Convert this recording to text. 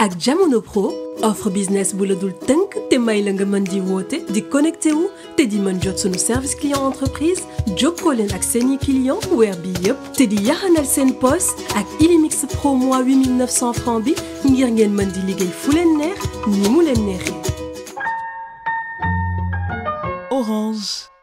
ak jamono pro offre business bu tank dul tënk te may la nga mën di woote di connecté wu te di mën jot sunu service client entreprise jokkoo leen ak seeni client weer bi yépp te di yaxanal seen poste ak Ilimix pro mois 8900 francs bi ngir ngeen mën di liggéey fu leen ni mu leen Orange.